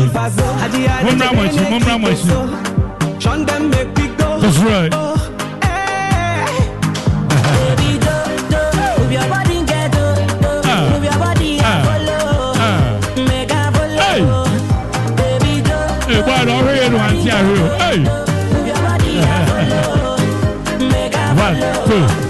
Mumra much, mumra much. Shun them make big That's right. Ah. Ah. Ah. Baby, do, do, One, two.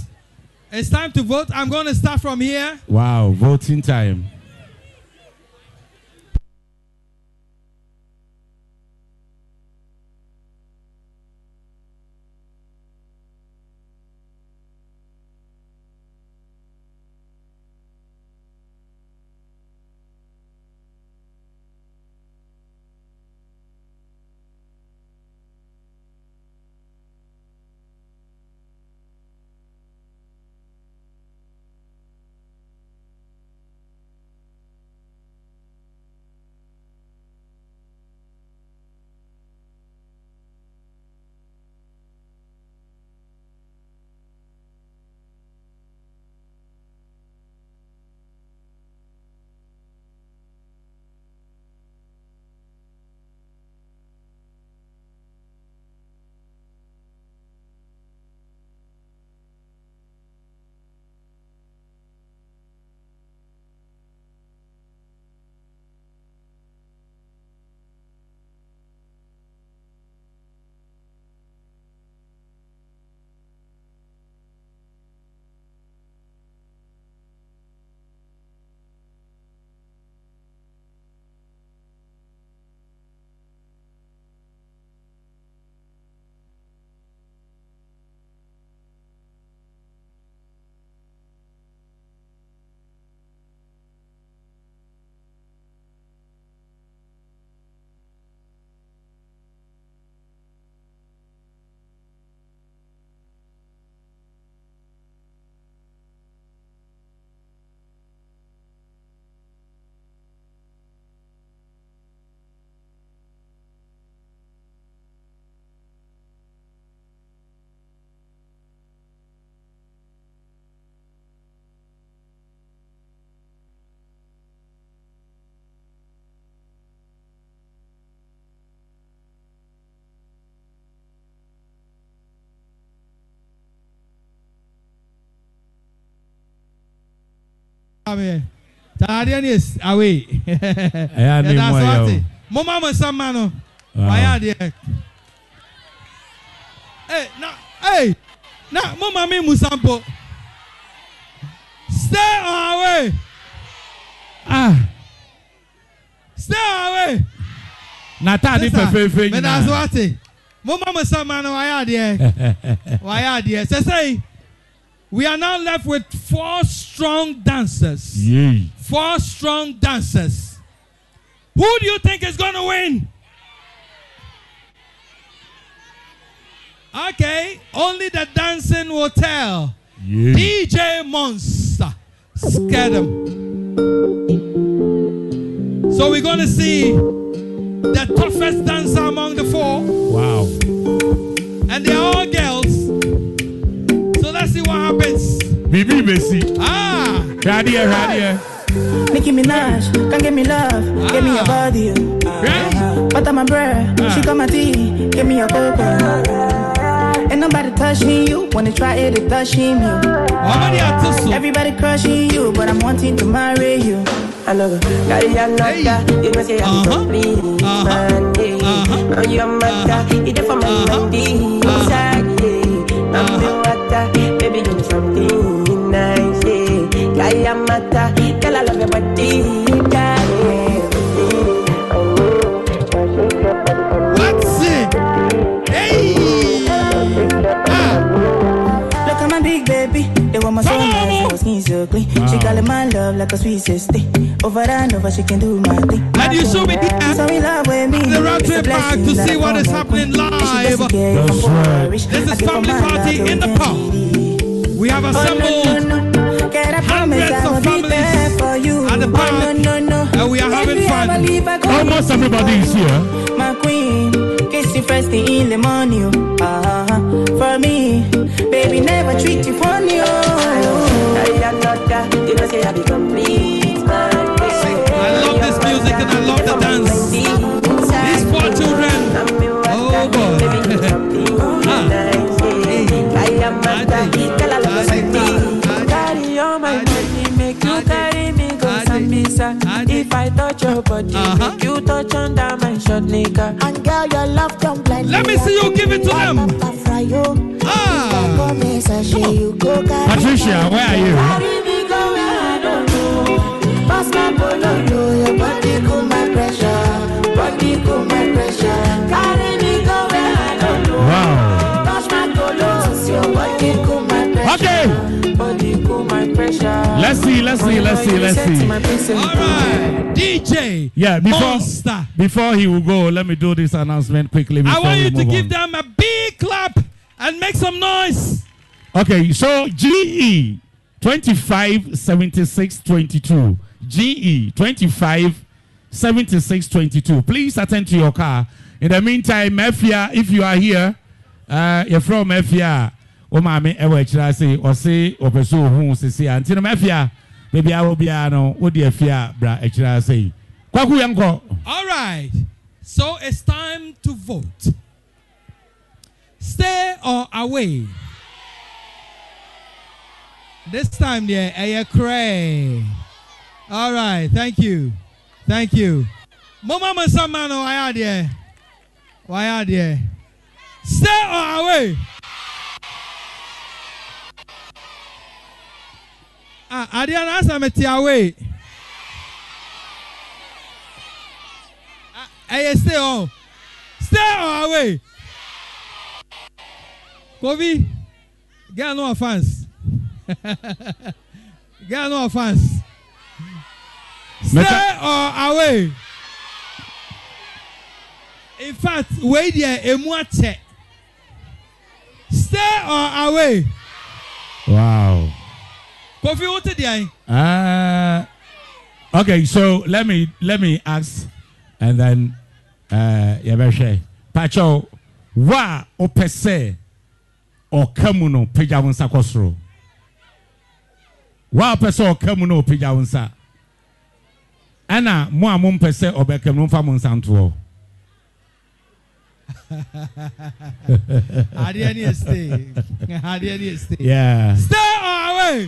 It's time to vote. I'm going to start from here. Wow, voting time. me taadeɛ no is away yɛda so ate momma mo nsa ma ah. ah. no wayɛ adeɛ na ei na momma me mu sampo stay on away ah stay on away n'ataade fɛfɛɛfɛ nyinaa mɛda so ate momma mo nsa ma no wayɛ adeɛ wayɛ adeɛ sɛsɛi We are now left with four strong dancers. Yay. Four strong dancers. Who do you think is going to win? Okay, only the dancing will tell. Yeah. DJ Monster. Scare them. So we're going to see the toughest dancer among the four. Wow. And they're all girls see what happens. Bibi Bessie. Ah. Radia, Radia. Nicki Minaj, can't give me love, ah. give me a body. Right? Butter my bread, ah. she got my tea, give me a cocoa. Ain't nobody touching you. Wanna try it, they touching me. Everybody crushing you, but I'm wanting to marry you. I know, got it, I know that. You must say I'm a bleeding, man. Now you're my uh-huh. guy, you're from my body. Uh-huh. Uh-huh. I'm sad, yeah. matter. Girl, I love your body, What's it? Hey. Ah. Look at my big baby, they want my soul, my skin so clean. She ah. calling my love like a sweet sister. Over and over, she can do my thing. And you show me the app. So in love with me. The road trip back to see what is happening live. That's right. This is family party in the pub. We have assembled. But I promise hundreds I will be there for you. At the park, oh, no, no, no. And we are having fun. Almost oh, everybody is here. My queen, kiss you first thing in the morning. Uh-huh. For me, baby, never treat you funny. Oh. I am not that. They do say I become. body. Uh-huh. You touch under my short nigga. And girl, your love don't blind. Let me see you give it to them. Ah. Patricia, where are you? Wow. Okay. Let's see, let's see, let's see, let's see. All right, DJ. Yeah, before Monster. before he will go, let me do this announcement quickly. I want you to give on. them a big clap and make some noise. Okay, so GE 25 76 22. GE 25 76 22. Please attend to your car. In the meantime, Mafia, if you are here, uh, you're from Mafia. wo maame ɛwɔ akyire ase ɔse ɔpɛ so ohun sisi a nti mɛfia beebi awo biara no wo afia bra akyire ase yi kwaku yɛn kɔ. all right so it's time to vote stay or away this time there ɛyɛ cray all right thank you thank you mo ma mo nsa ma no wayɛ adeɛ wayɛ adeɛ stay or away. Ah, adeɛ no asa mete awe ah, eh, ɛyɛ stay on stay on away kobi girl no offence girl no offence stay on away in fact wei deɛ emu atɛ stay on away. Wow. Kofi, what did I? Uh, okay, so let me let me ask, and then uh, yeah, share. Pacho, wa opese ɔkamu no pagya wo nsa kɔ soro wa opɛ sɛ ɔkamu no ɔpagya wo nsa ɛna mo a mompɛ sɛ ɔbɛkam no mfa mo nsa ntoɔ adeɛ ne yɛ stay adeɛ ne yɛ stay yeah. stay or away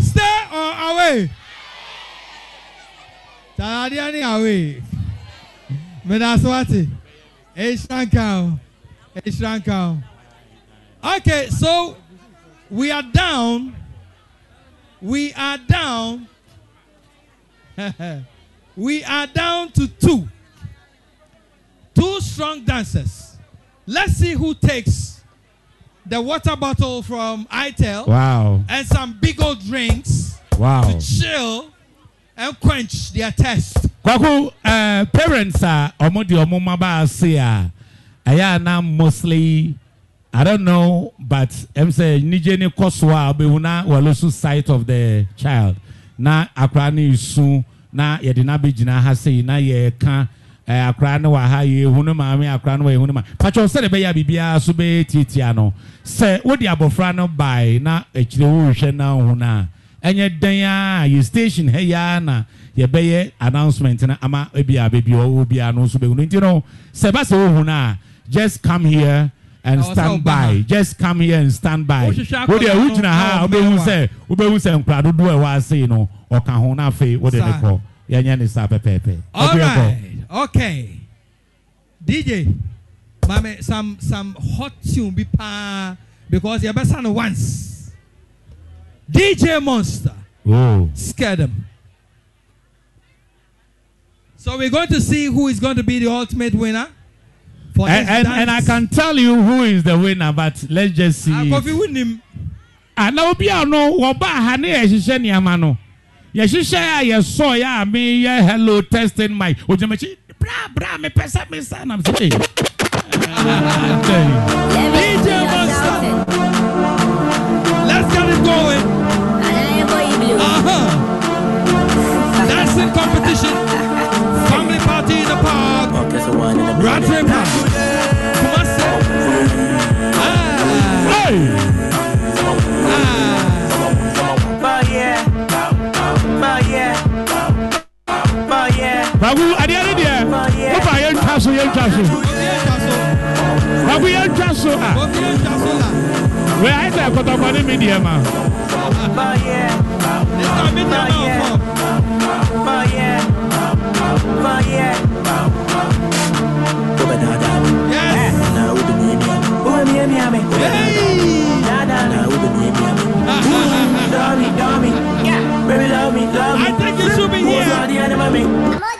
Stay or away? Taradiani away. Menaswati. Eshrankao. Eshrankao. Okay, so we are down. We are down. we are down to two. Two strong dancers. Let's see who takes the water bottle from ITEL. Wow. And some big old drinks. Wow. To chill and quench their thirst. Kwaku, uh, parents are omodi omuma ba asia. na mostly. I don't know, but I'm saying Nijeni Koswa Beuna Walusu sight of the child. Na Akrani Su na Yedina Bijina Hase na Yeka akwaraa no wɔ ha ehunu maame akwaraa no wɔ ehunu maame patro sɛ de bɛyɛ a biribiara so bɛyɛ tiatia no sɛ wodi abɔfra no bae na akyire wɔrehwɛ n'ahun a ɛnyɛ dan a yɛ station ha yia na yɛbɛyɛ announcement na ama ebi a beebi ɔwɔ bi a no nso bɛhunu nti no sɛ ɛba sɛ ohun a just come here and stand by just come here and stand by wodi ɛwu gyina ha a wobɛhu sɛ wobɛhu sɛ nkwaraa dodoɔ ɛwɔ ase no ɔka ho na afei wode ne kɔ yɛnyɛ ne saa pɛpɛɛpɛ alright okay dj maame some some hot tune bi paa because yɛbɛsa no once dj monster oh. scare them so we're going to see who is going to be the ultimate winner for and, this and, dance. and I can tell you who is the winner, but let's just see. Akọfi ah, win him. Àná ah, obi àná wọ́n bá àhánẹ́ ẹ̀ ṣiṣẹ́ ní àmà Yes, share. yɛhyehyɛ a yeah, me yeah. hello testing my ogyamaki bra bra Me me son. I'm saying. DJ Monster Let's get it going Uh-huh Dancing competition Family party in the park Rat Ripper Kumasi ah. Hey babu adeɛ no deɛ woba yɛntwa so yɛntwa so babu yɛntwa so a wei ayɛ sɛ akɔtɔkɔne me deɛ ma Hey! I think you should be here.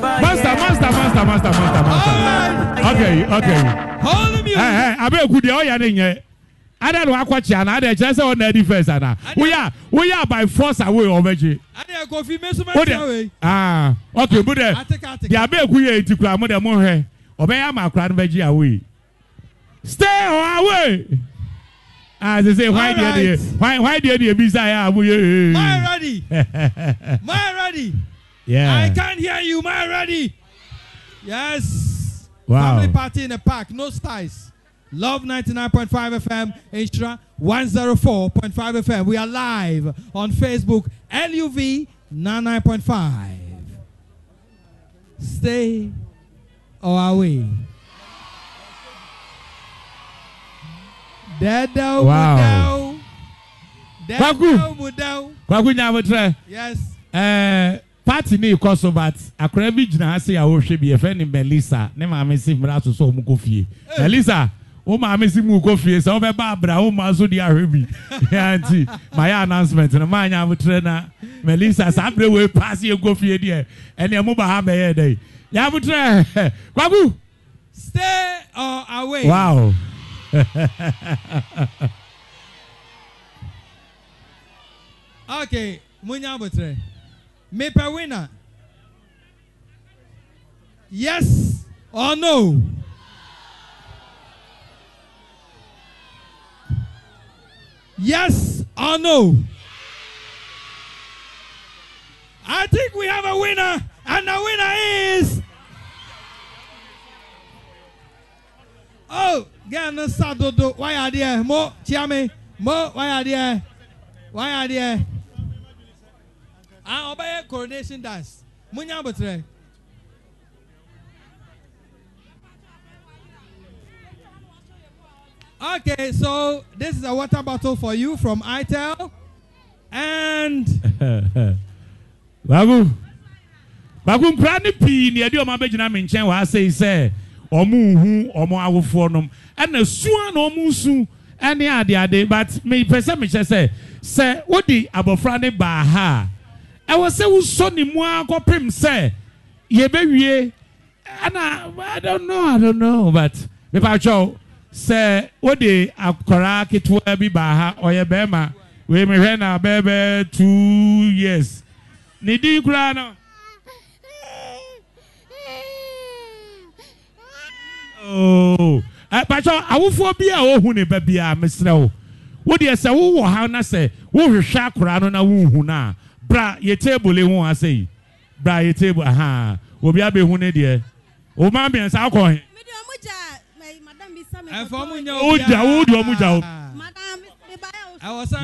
master master master master okay okay Hey, ẹ abeku deɛ ɔyɛ ne I don't na wakɔ kyi ana ada kyerɛ sɛ ɔna adi first ana woyɛ woyɛ by force away ɔbɛgye o de aa okay mu dɛ deɛ abeku yɛ eti kura mu dɛ mu hɛ ɔbɛyɛ ama akura no bɛgye away stay away As they say, why deɛ deɛ why why deɛ deɛ bi sa yɛ amu my ready my ready yeah. i can't hear you my ready. Yes. Wow. Family party in the park. No styles. Love 99.5 FM, Instra 104.5 FM. We are live on Facebook, LUV 99.5. Stay or away. Dadao wow. Mudao. Dadao Mudao. Yes. Uh, Paati ne kɔ so but akora bi gyina ha si yà ɔhwɛ bi efe ni melissa ne maame si mmerɛ asosɔ ɔmo kɔ fie melissa wo maame si mu kɔ fie sɛ wobɛba abra wo ma so de ahwɛ bi nti mayɛ announcement no maanya abotrɛ na melissa saa berɛ wei paa sɛ yɛkɔ fie deɛ ɛneɛ moba ha bɛyɛ dɛ yɛ abotrɛ kwaku stay or away wow okay munya abotrɛ Maple winner. Yes or no? Yes or no? I think we have a winner, and the winner is. Oh, get no sadodo. Why are there? Mo, Chiame. Mo, why are there? Why are there? Ah, a ɔbɛyɛ coronation dance munya abotire. Okay, so this is a water bottle for you from ITEL. And. Babu. Babu nkura ne pii ne ɛde ɔmo abɛgyina me nkyɛn wɔ ase sɛ ɔmo nhu ɔmo awofoɔ nom ɛna sua na ɔmo nsu ɛne adeade but mepɛ sɛ mehyɛ sɛ sɛ wodi abɔfra ne baa ha ɛwɔ sɛ wosɔ ne mu ara kɔpem sɛ yɛbɛwie ana i don't know i don't know but mepatwɛw sɛ wode akɔraa ketewa bi baa ha ɔyɛ bɛrima wei mehwɛ na bɛɛbɛɛ two years ne din koraa no oh patwɛw awofoɔ bi a wɔhu ne ba biara mesrɛ wo wodeɛ sɛ wowɔ ha na sɛ wohwehwɛ akɔraa no na wonhu no a bra yɛ table ho ase yi bra yɛ table aha obi abɛhu ne deɛ o maa mmiɛnsa akɔ he. wogya wodi ɔmo gya o.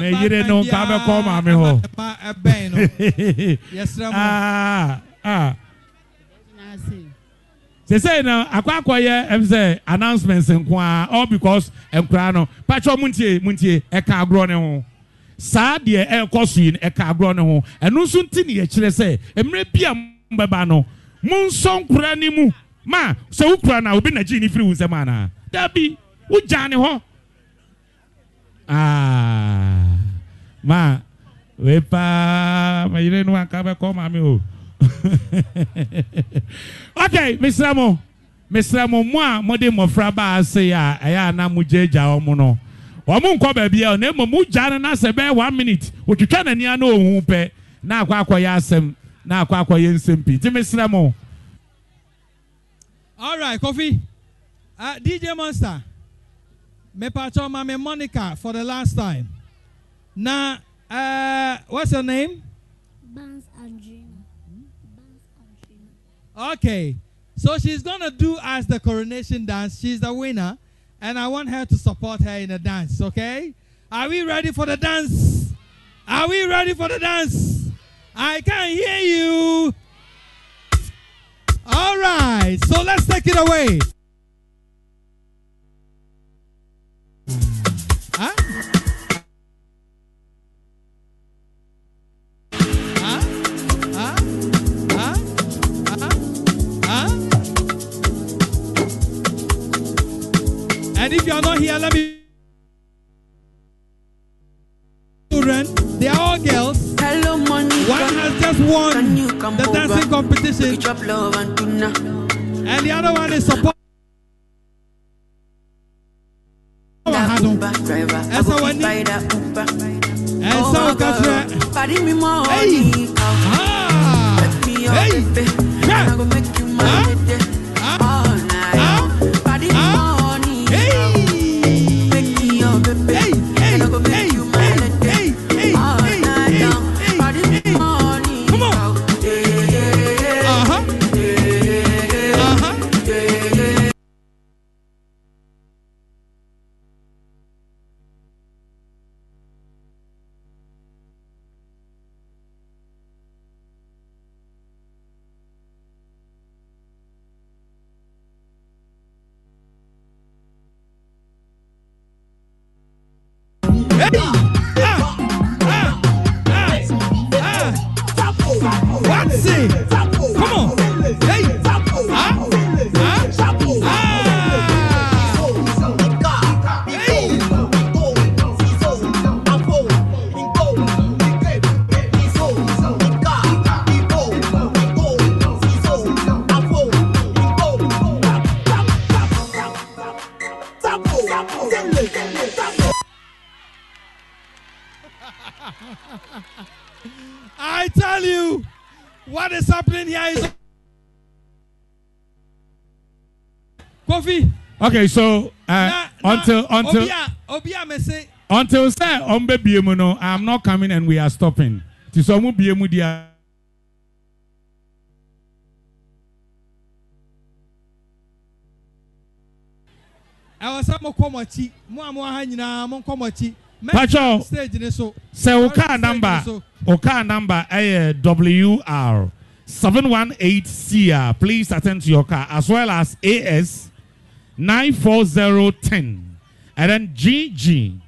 na yere no nka bɛkɔ maame hɔ. sese ah, ah. na akɔ akɔ yɛ ɛm sɛ announcements nko ara all because nkura no patro mu ntie mu ntie ɛka agorɔ ne ho saa deɛ ɛrekɔ so yi ɛka agorɔ ne ho ɛno nso nti ne yɛkyerɛ sɛ mmerɛ bi a mbɛba no monsɔ nkora ne mu ma sɛ wokura no a obi nagyi ne firi wo nsɛm anaa dabi wogyaa ne hɔ ma wei paa meyere no anka bɛkɔ maame o ok mesrɛ mo mesrɛ mo mo a mode mmɔfra baa se a ɛyɛ ana mogyagya wɔ mo no wɔn nkɔ baabi a na mmom gya no na sɛ one minute wotwitwa n'ani ano ohun pɛ na akɔ akɔyɛ asɛm na akɔ akɔyɛ nsɛm pii ti mi srɛ mo. alright kofi uh, dj monster mepatɔ maame monica for the last time na uh, what's your name. Bans and Bans okay so she's gonna do as the coronation dance she's the winner. And I want her to support her in the dance, okay? Are we ready for the dance? Are we ready for the dance? I can hear you. All right, so let's take it away. over here. Let me. Children, they are all girls. Hello, Monica. One has just won the dancing over? competition, and, and the other one is supporting. Oh, Essa Hey. Baby. okay so uh, na, until na, until obia, obia until sir ombe biemu no i'm not coming and we are stopping ti so mu biemu dia ɛwɔ sɛ mokɔ mɔkyi mo a moaha nyinaa monkɔ mɔkyi patro stage ne so sɛ wo kaa number wo kaa number ɛyɛ wr 718 cr please attend to your car as well as as 94010 and then GG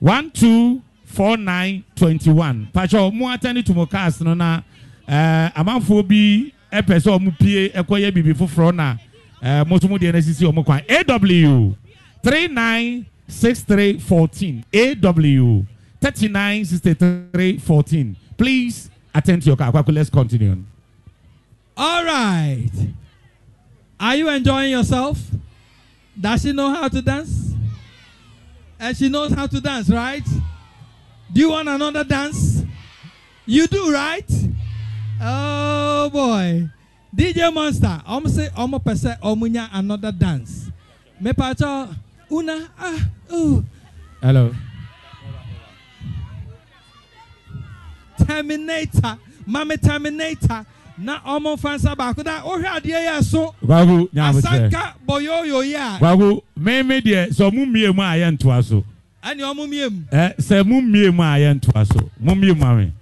124921. Pacho, mo attend to Mokas no na eh amanfo bi e pese omo pie ekoye bibi foforo na eh mo so mo de na sisi omo kwan. AW 396314. AW 396314. Please attend to your car. Let's continue. All right. Are you enjoying yourself? Does she know how to dance? And she knows how to dance, right? Do you want another dance? You do, right? Oh boy. DJ Monster, I'm say I'm a person omunya another dance. Me pacho una ah Hello. Terminator, mommy Terminator. na ọmọ fansa baako na ohwẹ adeɛ yɛ so asanka bɔyɔɔyɔ yi a babu mímí deɛ sɛ ɔmu mie mu a yɛ ntoa so ɛni ɔmu mie mu ɛ sɛ mu mie mu a yɛ ntoa so mu mie mu ami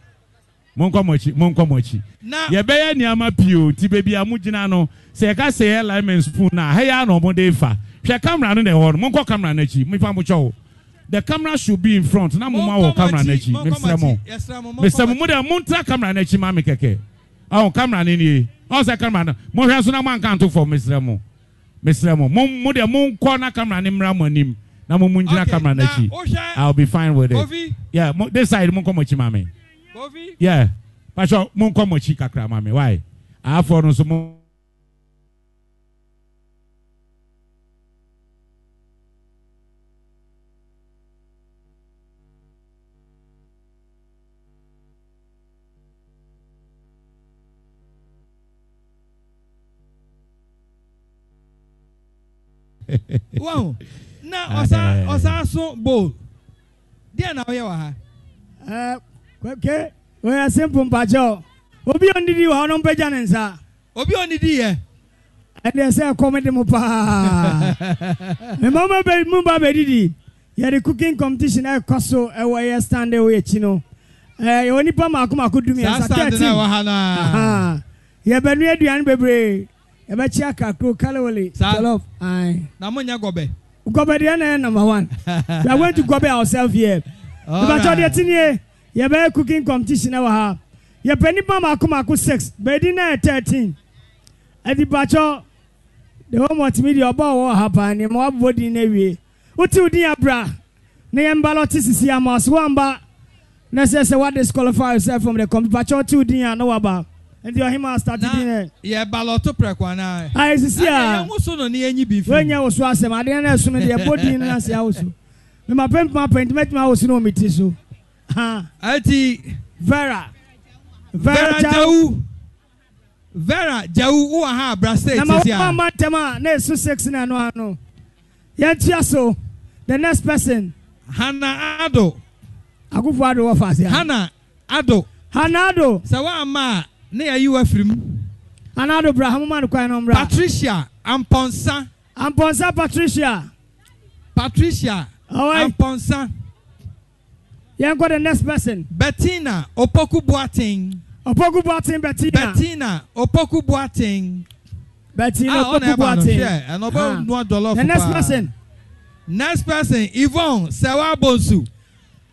mu nkɔ mɔkyi mu nkɔ mɔkyi na yɛbɛyɛ nneɛma pii o ti beebi a mu gyina no sɛ ɛka sɛ yɛ lime spoon na ha yɛ anɔ ɔmo de fa hwɛ kamara no na ɛwɔ no mu nkɔ kamara n'akyi mu ifa mu kyɛw the camera should be in front na mu ma wɔ kamara n'akyi mesrɛ mo mesrɛ mo mo de mo ntra kamara n'akyi maami kɛkɛ ɔn kamara ni nie ɔsɛ kamara no mo hwɛ so na mo ankanto fɔ mesrɛ mo mesrɛ mo mo mo deɛ mo nkɔ na kamara ni mmira mo anim na mo mo ngyina kamara n'akyi i will be fine with it Kofi. yeah mo this side mo nkɔ mo akyi maame yeah pastor mo nkɔ mo akyi kakra maame why aafɔ no nso mo. wahu na ɔsa ah, ɔsa eh. so bowl deɛ na ɔyɛ wɔ ha. ɛɛ eh, kweke oye simple mpakyɛw obi onidi wɔ hɔ no mpagya ne nsa. obi onidi yɛ. ɛdeɛ sɛ ɛkɔm de mu paa mmɛma bɛ mu ba bɛdidi yɛde cooking competition ɛkɔ so ɛwɔ ɛyɛ stand ɛwɔ akyi no ɛɛ eh, yɛwɔ nipa mako mako dumi ɛsa thirteen yɛbɛnua aduane bebree yɛbɛkye akakro kalawale jollof na monyɛ gɔbɛ gɔbɛ deɛ na yɛ number one we are going to gɔbɛ ourselves here nibatɔ deɛ ti nie yɛbɛyɛ cooking competition wɔ ha yɛpɛ nipa mako mako six bɛdi na yɛ thirteen adibatɔ e the home multimedia ɔbɔ wɔ ha paa nneɛma wabɔ din na wie wote wo din abra na yɛn mbalɔ te sisi ama so wamba na sɛ sɛ wa disqualify yourself from the competition batɔ wote wo din a na waba nti ɔhema asitati bi nɛ. yɛ balɔto pɛrɛkwa naa. ayi sisi a ɛyɛ woso na ah. ni enyi bi fi. wɛnyɛ woso asɛm adeɛ na ɛso no deɛ bɔ din na se awoso mɛma pɛn pɛn pɛn tɛmɛ tɛmɛ awoso na omi ti so. ɛti. vera vera jawu vera jawu wo wɔ ha abira state sisi a. na ma wo ma ntɛm a na esu six na ɛno ano yɛn tia so the next person. hana ado. akufo ado wɔ fa ase. hana ado. hana ado. sɛ wɔn ama a ne yɛyi wa firi mu anado bra hamoma no kwan no mmra patricia amponsa amponsa patricia patricia right. amponsa yɛnkɔ the next person bettina opoku boaten opoku boaten bettina bettina opoku boaten bettina ah, opoku boaten ah ɔna ɛba no hwɛ ɛna ɔbɛ nua dɔlɔfo paa the next person next person yvonne sewa bonsu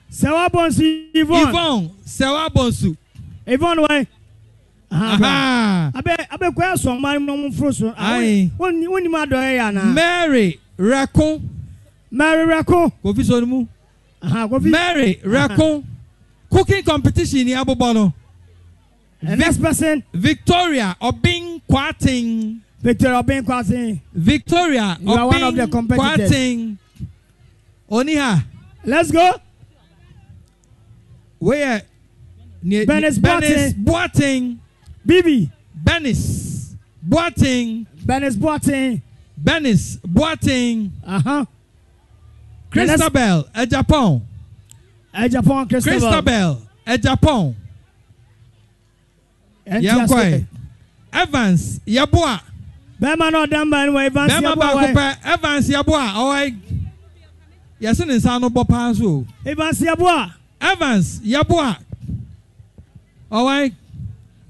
sewa bonsu yvonne yvonne sewa bonsu yvonne wɛn abɛkɔyɛ sɔnma nomforo so wonim adɔyɛ yɛ anaa mary rɛko mary rɛko kofi so no mu mary rɛko cooking competition ni abobɔ no next person victoria obin kwatin victoria obin kwatin victoria obin kwatin oni ha let's go weyɛ Bernice Boateng. Bibi. Benis. Boateng. Benis Boateng. Benis Boateng. Uh-huh. Christabel Ẹ Japan. Ẹ Japan Christabel. Christabel Ẹ Japan. Yẹn kọ́ ẹ̀. Evans Yaboa. Bẹ́ẹ̀ma náà ọ̀dà mbà ẹni wọ Evans Yaboa. Bẹ́ẹ̀ma baako pẹ́ Evans Yaboa ọ̀wẹ́ yẹsi ne nsa no bọ paa so. Evans Yaboa. Evans Yaboa ọ̀wẹ́.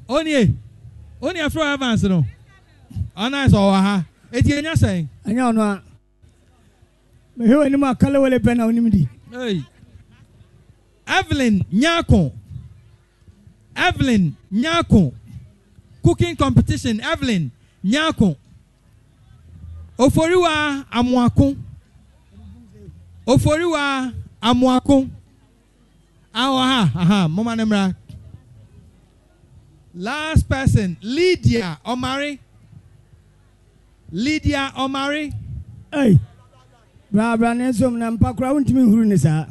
onye onye fro evans no ɔna sɛ ɔwɔ ha etinye enya sɛn. anya ɔno a mehwɛ wɔ anim a kala wɛlɛ pɛ na onim di. evelyn nyako evelyn nyako cooking competition evelyn nyako oforiwa amuako oforiwa amuako awɔ ha aha mɔmɔ ne Last person, Lydia Omari. Lydia Omari. Hey, Rabra Nelson Nampakra won't mean who is that?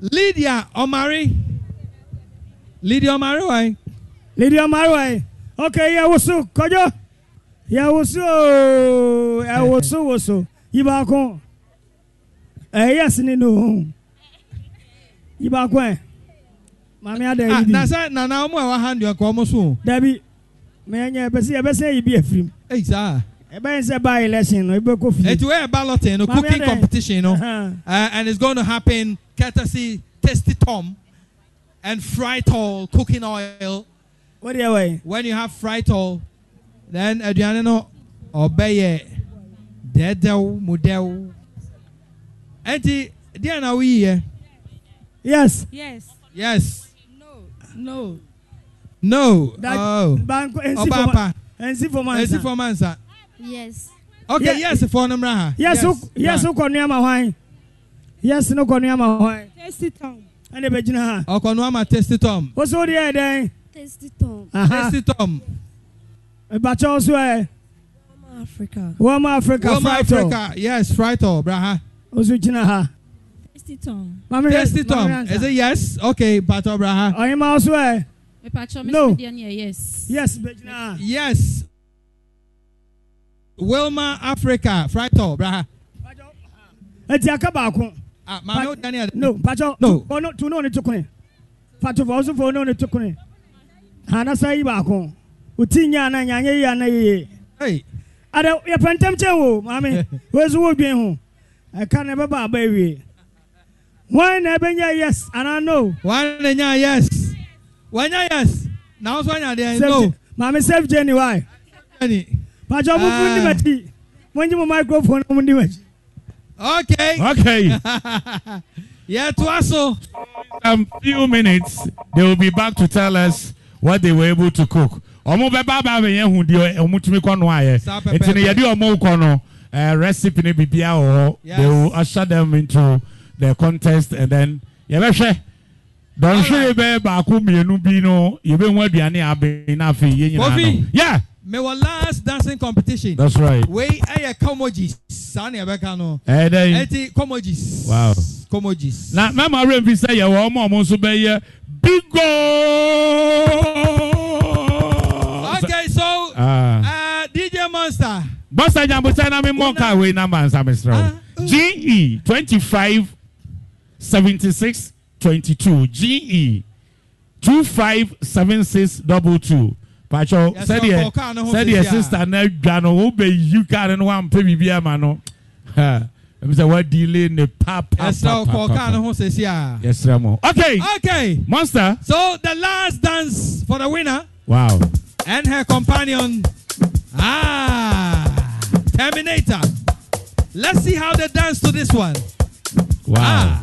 Lydia Omari. Lydia Omari, why? Lydia Omari, why? Okay, yeah, what's up, Kojo? Yeah, what's up? Yeah, what's up, what's up? Eh, yes, Nino. Iba back on? Eh. maame ada ah, yi na sɛ nana ɔmo ɛwɔ ha ndeɛ kɔ ɔmo so. dabi mɛnyɛ ɛbɛsɛ ɛbɛsɛ yi bi efirim. eyi saa. ɛbɛyɛ sɛ ba election no ebe ko fie. balloting no cooking competition no eh, and it's going to happen courtesy tasty tom and fritol cooking oil. wọ́n di ẹwà yi. when you have fritol then aduane no ɔbɛ yɛ dɛdɛw mudɛw ɛnti diɛ na woyi yɛ. yes. yes. yes. no no ọba apa nsi fọ mansa nsi fọ mansa yes okay yes fọ ne mra ha yes yes kọ nneɛma hwan yes ne kọ nneɛma hwan tasty tom ɛna ebe gyina ha oh, ɔkọ nneɛma tasty tom wosow deɛ yɛ dɛn tasty tom uh-huh. tasty tom ebakyɛw so ɛ. Africa. Warm Africa. Warm Africa. Yes, Friday, braha. Osu gyina ha. Testiton. Mami Tom. Is it yes? Okay, Pato Braha. Oyin ma ọsọ ẹ. Mipacho, no. Yes. Yes, Bejina. Yes. Wilma Africa, Frito Braha. Eti aka baako. Ah, maame o Daniel. No, Pacho. No. Ọ̀nà tunu ọ̀nà tukun. Pacho fọ ọsùn fọ ọ̀nà ọ̀nà tukun. Anasa yi baako. Oti nya ana nya anya yi ana yiye. Hey. Ada yẹ pẹ ntẹm wo maame. Wo ezu wo gbin ho. Ẹka na ẹ bẹ ba aba ewie wɔn na ɛbɛnya yes anaa no. wɔn na nya yes wɔnya yes na wɔn nso anya no. maame safe journey why? journey. pàṣẹ ọmọ fún ní bàtí mo ń jí mo microphone ọmọ ní bàtí. okay. okay. yẹ to aso. a um, few minutes they will be back to tell us what they were able to cook. ọmọ bẹ bá bá mi yẹn hù di ọmọ tún mi kọ́ nù ayẹ ntì ni yẹ di ọmọ kọ́ nù recipe ni bìbí àwọ̀ they will usher them into the contest and then yɛbɛhwɛ dɔnhwere bɛyɛ baako mmienu bi no yɛbɛhu aduane abɛn na afei yɛn nyinaa no yeah. mewɔ last dancing competition. that's right. We are comojis saa eh, na yɛbɛka no. ɛyɛ dɛ. ɛti comojis. wow comojis. na mɛma awura nfi sɛ yɛwɔ ɔmo ɔmo nso bɛyɛ okay so uh, ah. uh, eh, dj monster. bọ́sà jàmbùsá náà mi mọ̀ ká wei nàmbà nsàmìsirà ge twenty five. 7622 GE 257622 Pacho said yes sister na ah. dwa no wo be you can no wan pe bibia ma no ha me say what delay ne papa yes sir call no ho sesi ah. yes sir okay okay monster so the last dance for the winner wow and her companion ah terminator let's see how they dance to this one wow ah.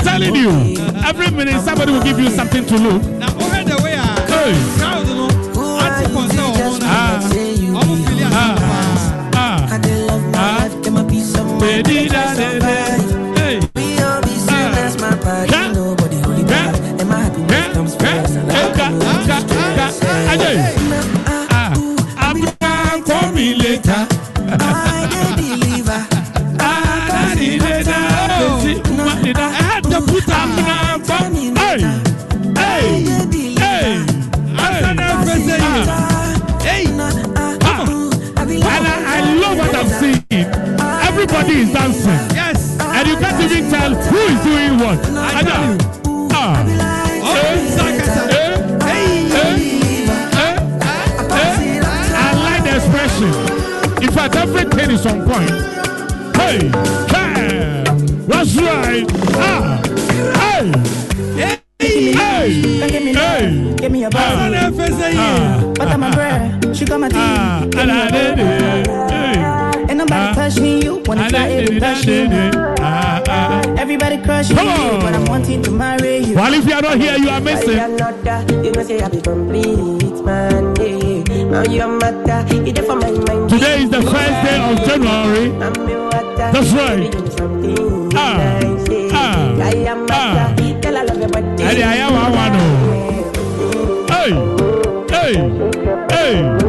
I'm telling you, every minute somebody will give you something to look. Hey. Ah. Ah. Ah. Ah. Ah. tell who is doing what. Ada. Ah. I like the expression. In fact, everything is on point. Hey, hey, that's right. Ah, hey, hey, hey, hey. Give me a buzz. Ah, ah, but I'm a ah. bread. She got my teeth. Ah, and I did it. Ain't nobody ah. touching you when I try to touch you. Everybody crush Come me, on. but I'm wanting to marry you. Well, if you are not here, you are missing. Today is the first day of January. That's right. Ah. Ah. Ah. Hey. Hey. Hey.